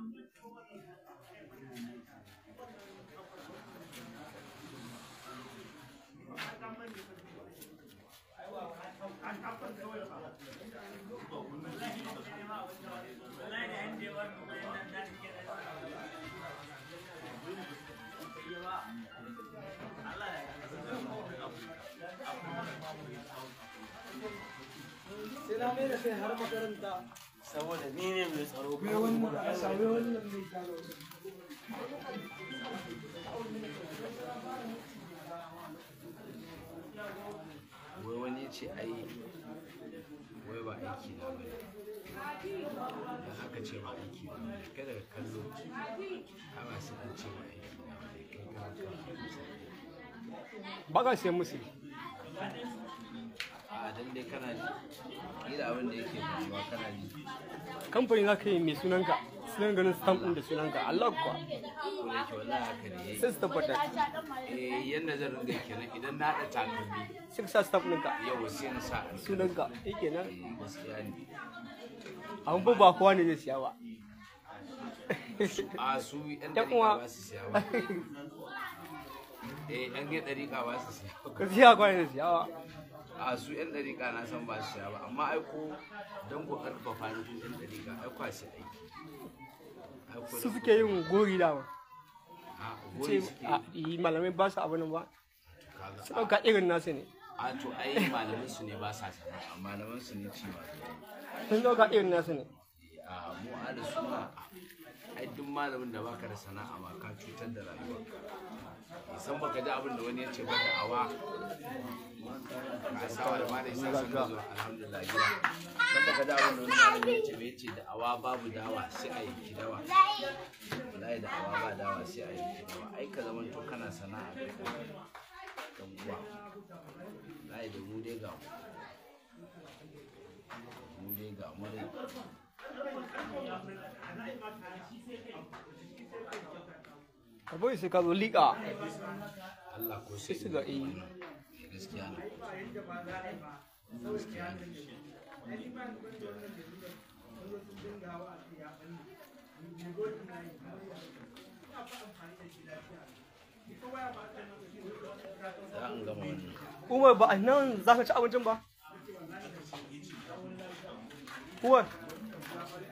sai na mai da kai har makaranta saboda ni ne mai tsaro a sami wannan mai tsaro wai wani ce ai wai ba aiki na bane da haka ce ba aiki kada ka kallo ana sanar ce ba aiki na kai kan sai musu dai kana ji kamfani za ka yi mai sunanka sunan stamp din da sunanka Allah kuwa ko da wallahi haka ne sai su tabbata eh yanda zan ringa ka sa stamp sa sunanka yake nan eh, gaskiya ne an ba kowa ne zai siya ba a su yan eh dariƙa ba su siya ka a su yan dariƙa na san ba su sha ba amma aiko don ku karfafa ni ku yan dariƙa aiko su aiki su suke yin gori da ba ce ah, malamai ba su abin ba su ɗauka irin nasu ne a to ai malamin su ne ba sa sana'a malamin su ne ci ba ɗauka irin nasu ne a mu suna ai duk malamin da baka da sana'a ba ka cutar da rayuwa san baka ji abin da wani ya ce ba da awa ka sawa da malai sa san da zuwa alhamdulillah san baka ji abin da wani malamin ya ce ba ya ce da awa babu dawa sai a yanki dawa wallahi da awa ba dawa sai a yi dawa ai ka zama to kana sana'a kai dan uwa wallahi da mu dai ga mu mu dai ga mu dai abu su ka zo liƙa Allah ko sai su ga iya gaskiya ne gaskiya Umar ba a nan za ka ci abincin ba? Umar.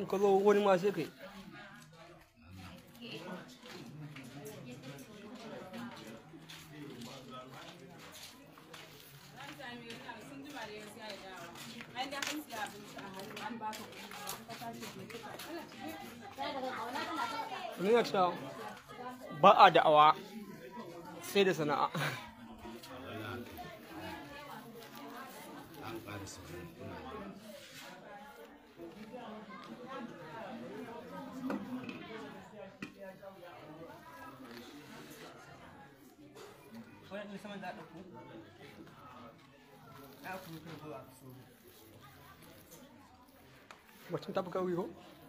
in ka zo wani ma sai kai ba a da'awa sai da sana'a. sana'a Kau nak tulis dah aku? Aku tulis dulu aku suruh. Macam tak buka wihok?